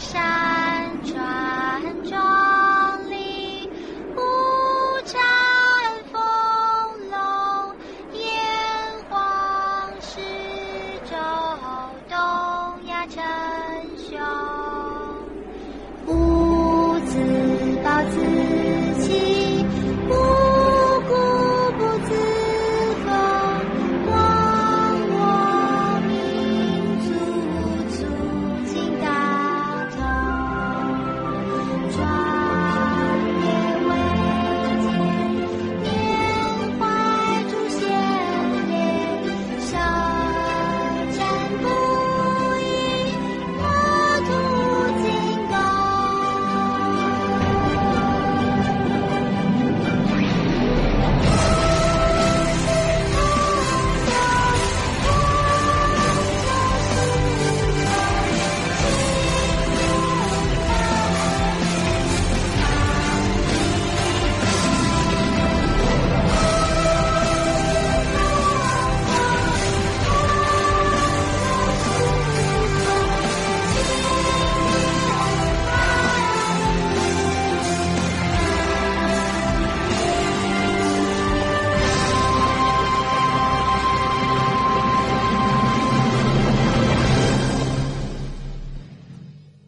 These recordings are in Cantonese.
沙。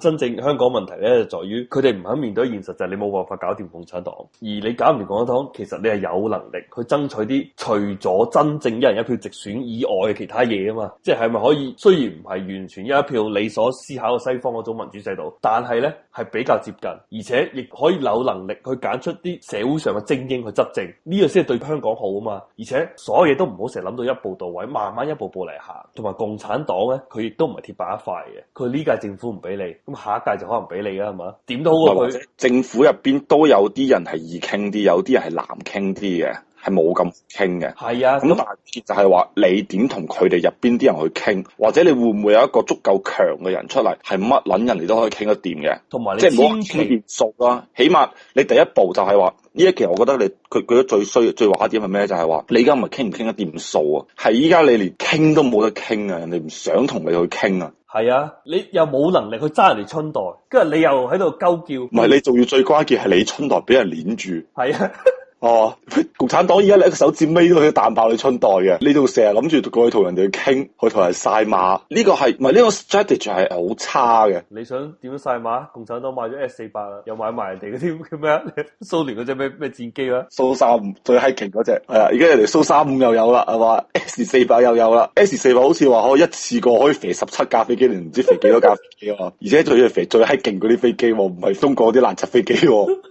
真正香港問題咧，就在於佢哋唔肯面對現實，就係你冇辦法搞掂共產黨，而你搞唔掂共產黨，其實你係有能力去爭取啲除咗真正一人一票直選以外嘅其他嘢啊嘛，即係係咪可以？雖然唔係完全一人一票，你所思考嘅西方嗰種民主制度，但係咧係比較接近，而且亦可以有能力去揀出啲社會上嘅精英去執政，呢個先係對香港好啊嘛。而且所有嘢都唔好成日諗到一步到位，慢慢一步步嚟行。同埋共產黨咧，佢亦都唔係鐵板一塊嘅，佢呢屆政府唔俾你。下一屆就可能畀你啦，係嘛？點都好過、啊、不他政府入邊都有啲人係易傾啲，有啲人係難傾啲嘅，係冇咁傾嘅，係啊。咁、嗯、但係就係話你點同佢哋入邊啲人去傾，或者你會唔會有一個足夠強嘅人出嚟，係乜撚人你都可以傾得掂嘅？同埋即係唔好傾掂數啦。起碼你第一步就係話呢一期，我覺得你佢得最衰最話一點係咩？就係、是、話你而家唔係傾唔傾得掂數啊？係依家你連傾都冇得傾啊！人哋唔想同你去傾啊！係啊，你又冇能力去揸人哋春袋，跟住你又喺度鳩叫。唔係你仲要最關鍵係你春袋俾人攆住。係是啊。 哦，共產黨而家你一個手指尾都可以彈爆你春袋嘅，呢度成日諗住過去同人哋去傾，去同人晒馬，呢、呢個係唔係呢個 strategy 係好差嘅？你想點樣晒馬？共產黨買咗 S 四百啦，又買埋人哋嗰啲叫咩？蘇聯嗰隻咩咩戰機啊？蘇三五最閪勁嗰隻，係啊，而家人哋蘇三五又有啦，係嘛？S 四百又有啦，S 四百好似話可以一次過可以肥十七架飛機，你唔知肥幾多架飛機啊？ 而且仲要飛最閪勁嗰啲飛機，唔係中國啲爛賊飛機。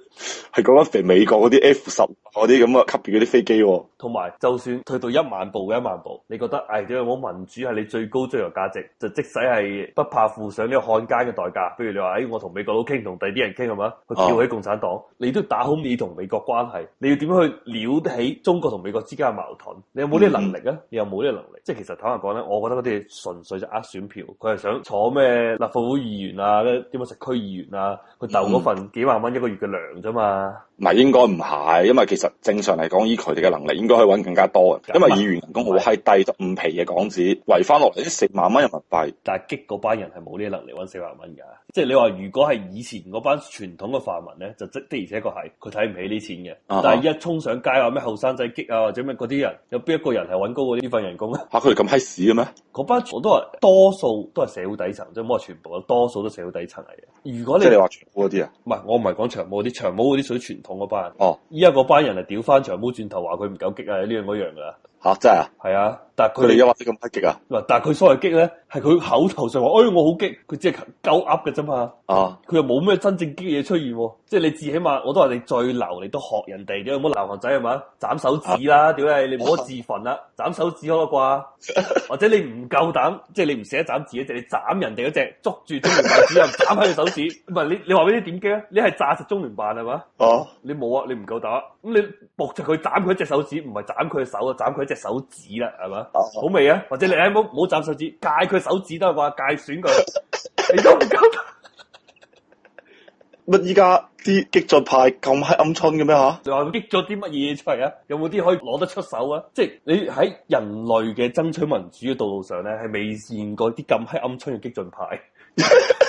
係講緊肥美國嗰啲 F 十嗰啲咁嘅級別嗰啲飛機。哦，同埋就算退到一萬步嘅一萬步，你覺得唉，你、哎、有冇民主係你最高追求價值？就即使係不怕付上呢個漢奸嘅代價，譬如你話誒、哎，我同美國佬傾，同第啲人傾係嘛，去叫起共產黨，啊、你都打好美同美國關係，你要點樣去撩得起中國同美國之間嘅矛盾？你有冇呢個能力啊？嗯、你有冇呢個能力？即係其實坦白講咧，我覺得嗰啲純粹就呃選票，佢係想坐咩立法會議員啊，跟住點樣食區議員啊，去鬥嗰份幾萬蚊一個月嘅糧咁啊。唔係應該唔係，因為其實正常嚟講，以佢哋嘅能力應該可以揾更加多嘅，因為議員人工好閪低，五皮嘅港紙圍翻落嚟啲四萬蚊人民幣。但係激嗰班人係冇呢啲能力揾四萬蚊㗎，即係你話如果係以前嗰班傳統嘅泛民咧，就即的而且確係佢睇唔起呢啲錢嘅。Uh huh. 但係一衝上街啊，咩後生仔激啊，或者咩嗰啲人，有邊一個人係揾高過呢份人工咧，啊？吓、啊，佢哋咁閪屎嘅咩？嗰班我都係多數都係社會底層，即係冇話全部，多數都社會底層嚟嘅。如果你你話長毛嗰啲啊？唔係，我唔係講長毛嗰啲，長毛嗰啲屬於傳統。講嗰班哦，依家嗰班人係屌翻長毛轉頭話佢唔夠激啊！呢樣嗰樣噶。吓真係啊，係啊，但係佢哋又或者即咁激啊，嗱，但係佢所謂激咧，係佢口頭上話，哎，我好激，佢只係夠噏嘅啫嘛，啊，佢又冇咩真正激嘢出現、啊，即、就、係、是、你至起碼嘛，我都話你最流，你都學人哋，嘅。有冇流行仔係嘛，斬手指啦，屌你，你冇得自焚啦，斬手指可啊啩，或者你唔夠膽，即係你唔捨得斬自己隻，你斬人哋嗰隻，捉住中聯辦主任又斬開佢手指，唔係你你話俾你點激啊？你係斬實中聯辦係嘛？哦、嗯，你冇啊，你唔夠膽。咁你搏住佢斬佢一隻手指，唔係斬佢手啊，斬佢一隻手指啦，係嘛？ 好味啊！或者你喺冇冇斬手指，戒佢手指都係話戒損佢。 你都唔敢乜？依家啲激進派咁閪暗春嘅咩吓？就話 激咗啲乜嘢出嚟啊？有冇啲可以攞得出手啊？即係你喺人類嘅爭取民主嘅道路上咧，係未試過啲咁閪暗春嘅激進派。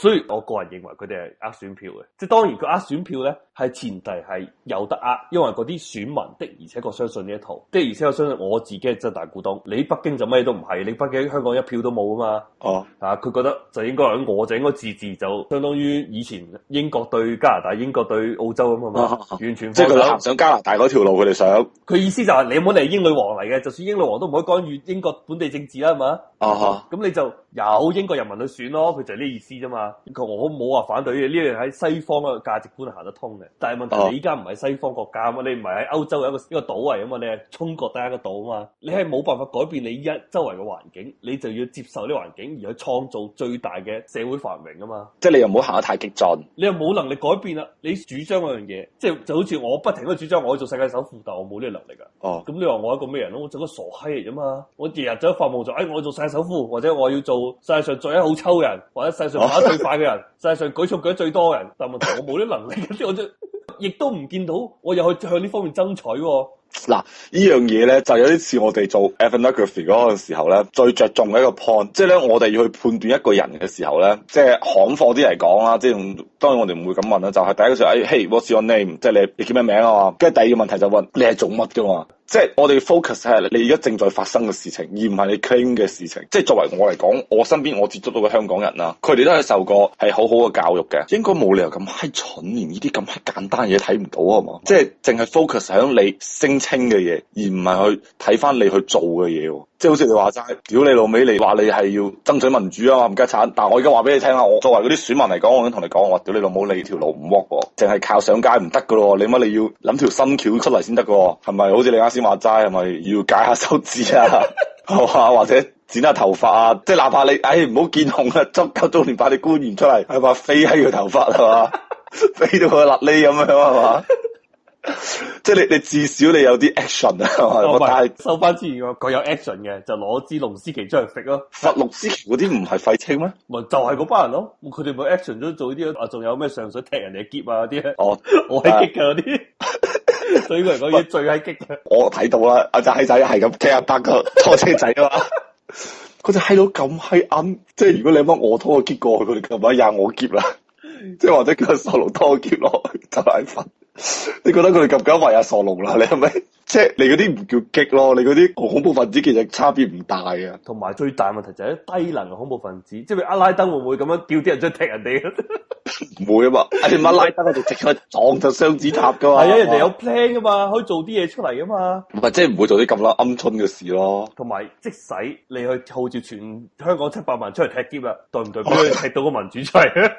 所以，我個人認為佢哋係呃選票嘅，即係當然佢呃選票咧，係前提係有得呃，因為嗰啲選民的而且確相信呢一套，的而且確相信我自己係真大股東。你北京就咩都唔係，你北京香港一票都冇啊嘛。哦，啊，佢、啊、覺得就應該喺我就應該自治就，就相當於以前英國對加拿大、英國對澳洲咁啊嘛，啊哈完全即係佢想上加拿大嗰條路，佢哋想。佢意思就係你冇理英女王嚟嘅，就算英女王都唔可以干預英國本地政治啦，係嘛？啊咁哈你就有英國人民去選咯，佢就係呢意思啫嘛。我冇話反對呢樣喺西方嘅價值觀行得通嘅，但係問題你依家唔係西方國家啊嘛，你唔係喺歐洲有一個一個島嚟啊嘛，你係中國第一個島啊嘛，你係冇辦法改變你一周圍嘅環境，你就要接受呢環境而去創造最大嘅社會繁榮啊嘛。即係你又唔好行得太極端，你又冇能力改變啊，你主張嗰樣嘢，即係就好似我不停都主張我去做世界首富，但係我冇呢個能力㗎。哦，咁你話我一個咩人咯？我做個傻閪嚟啫嘛，我日日就發夢做，誒、哎，我做世界首富，或者我要做世界上最好抽人，或者世上最快嘅人，實、就、際、是、上舉措舉得最多嘅人，但問題我冇啲能力，跟住我就亦都唔見到我又去向呢方面爭取、哦。嗱，呢樣嘢咧就是、有啲似我哋做 ethnography、e、嗰個時候咧，最着重嘅一個 point，即係咧我哋要去判斷一個人嘅時候咧、就是，即係行貨啲嚟講啦，即係用。當然我哋唔會咁問啦，就係、是、第一個時候，哎，Hey，what's your name？即係你你叫咩名啊嘛？跟住第二個問題就問你係做乜嘅嘛？即係我哋 focus 係你而家正在發生嘅事情，而唔係你 claim 嘅事情。即係作為我嚟講，我身邊我接觸到嘅香港人啦，佢哋都係受過係好好嘅教育嘅，應該冇理由咁閪蠢，連呢啲咁閪簡單嘢睇唔到啊嘛？即係淨係 focus 喺你聲稱嘅嘢，而唔係去睇翻你去做嘅嘢喎。即係好似你話齋，屌你老味，你話你係要爭取民主啊，冚家鏟。但係我而家話俾你聽下。我作為嗰啲選民嚟講，我已經同你講，我屌你老母，你條路唔 work 喎，淨係靠上街唔得㗎喎，你乜你要諗條新橋出嚟先得㗎喎，係咪？好似你啱先話齋係咪？要解下手指啊，係嘛？或者剪下頭髮啊，即係哪怕你唉唔好見紅啊，足夠早年派你官員出嚟係咪飛喺佢頭髮係嘛， 飛到佢辣脷咁樣係嘛？ 即係你，你至少你有啲 action 啊，我係嘛？收翻之前個個有 action 嘅，就攞支龍獅旗出去食咯。佛龍獅嗰啲唔係廢青咩？咪就係嗰班人咯，佢哋冇 action 都做啲啊，仲有咩上水踢人哋劫啊啲哦，我係激嘅嗰啲，所以佢人講嘢最係激嘅。 我睇到啦，阿仔仔係咁踢阿伯個拖車仔啊嘛，佢就喺度咁閪硬，即係如果你乜我拖個結過去，佢哋今晚我劫啦，即係或者佢個細路拖劫落就奶粉。你覺得佢哋咁加維阿傻龍啦？你係咪即係你嗰啲唔叫激咯？你嗰啲恐怖分子其實差別唔大啊。同埋最大問題就係低能嘅恐怖分子，即、就、係、是、阿拉登會唔會咁樣叫啲人出去踢人哋？唔 會啊、哎、 嘛，阿拉登喺度直接撞咗雙子塔噶嘛。係啊，人哋有 plan 噶嘛，可以做啲嘢出嚟噶嘛。唔係，即係唔會做啲咁啦暗春嘅事咯。同埋，即使你去號召全香港七百萬出嚟踢 ball，對唔對？踢到個民主出嚟。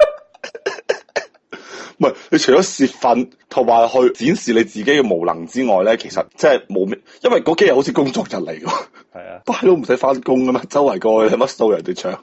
唔係，你除咗泄憤同埋去展示你自己嘅無能之外咧，其實即係冇咩，因為嗰幾日好似工作日嚟㗎。係是啊， 唔係都唔使翻工㗎咩？周圍過去乜掃是、啊、人哋搶。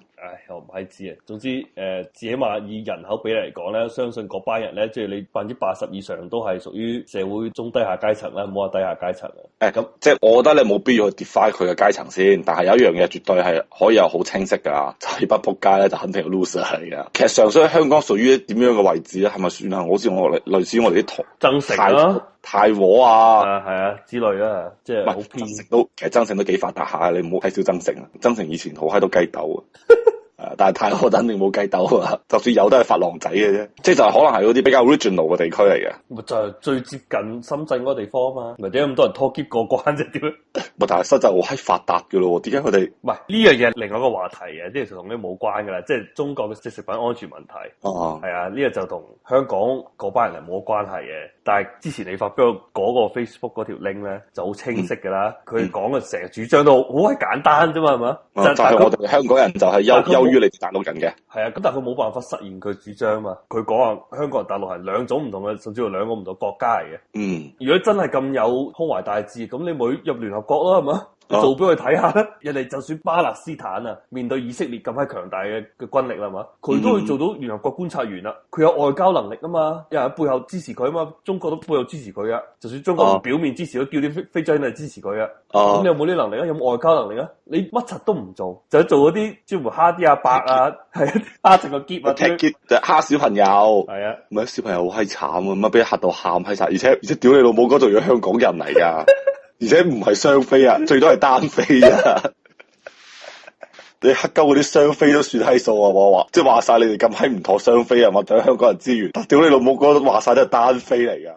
我係知啊，總之誒，呃，起碼以人口比例嚟講咧，相信嗰班人咧，即係你百分之八十以上都係屬於社會中低下階層啦，冇話低下階層啊。誒，咁即係我覺得你冇必要去 define 佢嘅階層先。但係有一樣嘢絕對係可以有好清晰噶，起、就、北、是、仆街咧就肯定 loser、係啊，其實上水香港屬於點樣嘅位置咧？係咪算係好似我哋類似我哋啲台增城咯、啊、太和啊、係啊，啊之類啦，即係好偏，唔係增城都其實增城都幾發達下，你唔好睇少增城啊。增城以前好喺度雞斗啊。 誒，但係泰國肯定冇雞竇啊，就算有都係髮廊仔嘅啫，即係就係可能係嗰啲比較 original 嘅地區嚟嘅，咪就係最接近深圳嗰個地方啊，點解咁多人拖篋過關啫，點 咧？咪但係深圳好閪發達嘅咯，點解佢哋？唔係呢樣嘢，另外一個話題啊，即係同你冇關噶啦，即係中國嘅食食品安全問題。哦，係啊，呢個就同香港嗰班人係冇關係嘅。但係之前你發俾我嗰個 Facebook 嗰條 link 咧就好清晰㗎啦，佢講嘅成日主張都好係簡單啫嘛，係嘛、哦？就係、是、我哋香港人就係優優於你大陸人嘅。係啊，咁但係佢冇辦法實現佢主張啊嘛。佢講話香港人大陸係兩種唔同嘅，甚至乎兩個唔同國家嚟嘅。嗯，如果真係咁有胸懷大志，咁你咪入聯合國咯，係嘛？做俾佢睇下咧，人哋就算巴勒斯坦啊，面對以色列咁閪強大嘅嘅軍力啦嘛，佢都可以做到聯合國觀察員啊。佢有外交能力啊嘛，有人喺背後支持佢啊嘛，中國都背後支持佢啊。就算中國唔表面支持，都叫啲非洲人嚟支持佢啊。咁你有冇啲能力啊？有冇外交能力啊？你乜柒都唔做，就做嗰啲專門蝦啲阿伯啊，係蝦成個劫啊，踢劫就蝦小朋友。係啊，咪小朋友好閪慘啊，咁乜俾嚇到喊閪晒，而且而且屌你老母哥仲要香港人嚟噶。而且唔係雙非啊，最多係單非啊。 你黑鳩嗰啲雙非都算閪數啊，我話，即係話曬你哋咁閪唔妥雙非啊，我想香港人資源，屌你老母哥，話曬都係單非嚟噶。